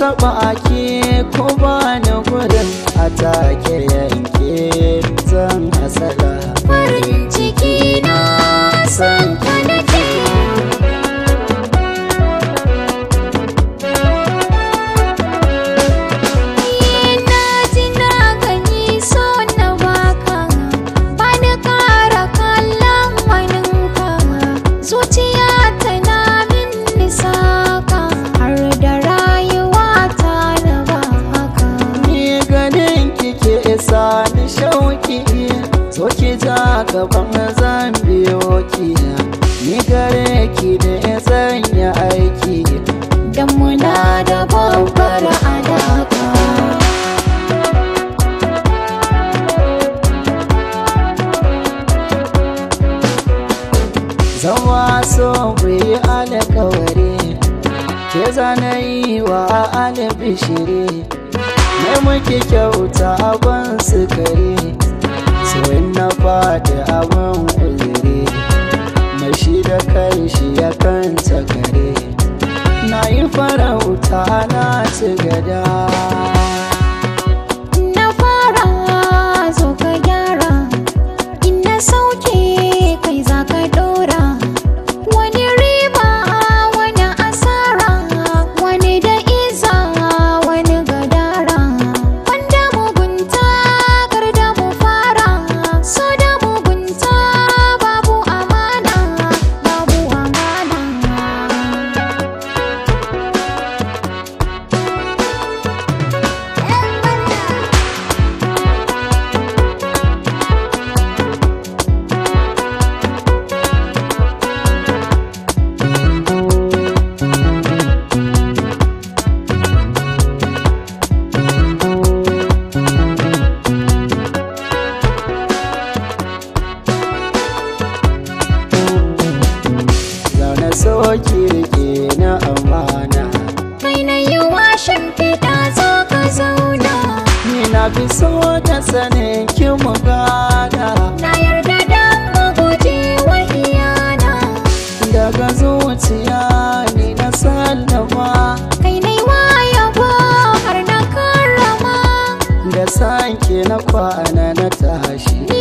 taba ake ko ba ni gudun a take yanke zan asala farin ciki na san ka nake Zuciya gaban zan biyo ki ni gare ki da ya sanya aiki dan muna da babbar alaka zama so muyi yi alkawari ke zana yi wa alibishiri mai muke kyauta abin sukari soyin na fata abin uzuri mashi da kanshi ya kan tsakare na yi farauta na gada. na fara zo ka gyara ina sauke kirki na amana kai na yi washin fita zo ka zauna ni na fi so da sanin ki mu na yarda da maguje iyana daga zuciya ni na sallama kai na yi har na karrama da sanke na kwana na tashi